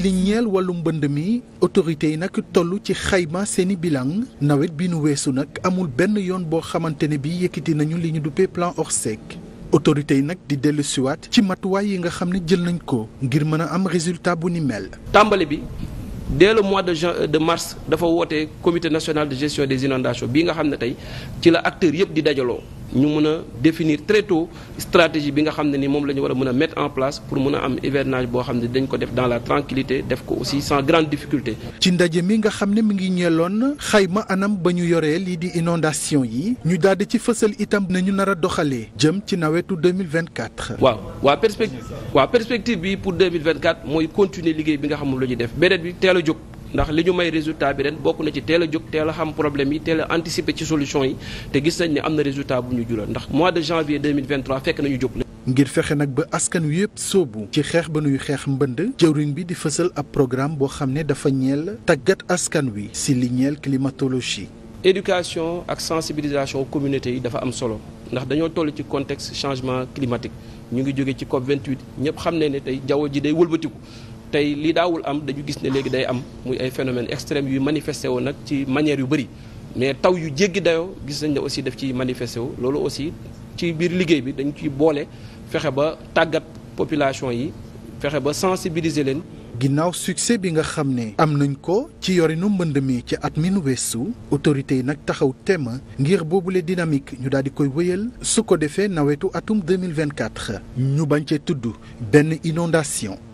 li ñeel wàllu mbënd mi autorités yi nag toll ci xayma seeni bilan nawet bi nu weesu nag amul benn yoon boo xamante ne bi yëkkati nañu li ñu duppee plan Orsec autorités yi nag di dellu siwaat ci matuwaay yi nga xam ne jël nañ ko ngir mën a am résultat bu ni mel. tàmbali bi dès mois de juin euh, de mars dafa woote comité national de gestion des inondations bii nga xam ne tey ci la acteurs yëpp di dajaloo. ñu mën a définir très tôt stratégie bi nga xam ne ni moom la ñu war a mën a mettre en place pour mën a am hivernage boo xam ne dañ ko def dans la tranquillité def ko aussi sans grande difficulté. ci ndaje mi nga xam ne mi ngi ñeeloon xayma anam ba ñu yoree lii di inondation yi ñu daal di ci fësal itam nañu nara a jëm ci nawetu 2024. waaw waa perspective waa perspective bi pour 2024 mooy continuer liggéey bi nga xam moom la def beneen bi teel a jóg. ndax li ñu may résultat bi ren bokk na ci teel a jóg teel a xam problème yi teel a anticiper ci solution yi te gis nañ ni am na résultat bu ñu jural ndax mois de janvier 2023 fekk nañu jóg. ngir fexe nag ba askan wi yëpp soobu ci xeex ba nuy xeex mbënd jëwriñ bi di fësal ab programme boo xam ne dafa ñeel tàggat askan wi si li ñeel climatologie. éducation ak sensibilisation communauté yi dafa am solo ndax dañoo toll ci contexte changement climatique ñu ngi jóge ci COP ñëpp xam ne ne tey jaww ji day wëlbatiku. tey li daawul am dañu gis ne léegi day am muy ay phénomènes extrêmes yuy manifesté woon nag ci manière yu bëri mais taw yu jéggi dayo gis nañ ne aussi daf ci manifesté wu loolu aussi ci biir liggéey bi dañu ciy boole fexe ba tàggat population yi fexe ba sensibiliser leen ginnaaw succès bi nga xam ne am nañ ko ci yorinu mbënd mi ci at mi nu weesu autorités yi nag taxaw temm ngir boobu boobule dynamique ñu daal di koy wéyal su ko defee nawetu atum 2024 ñu bañ cee tudd benn inondation